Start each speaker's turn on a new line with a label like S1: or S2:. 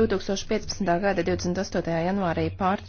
S1: 2015. gada 28. janvārī pār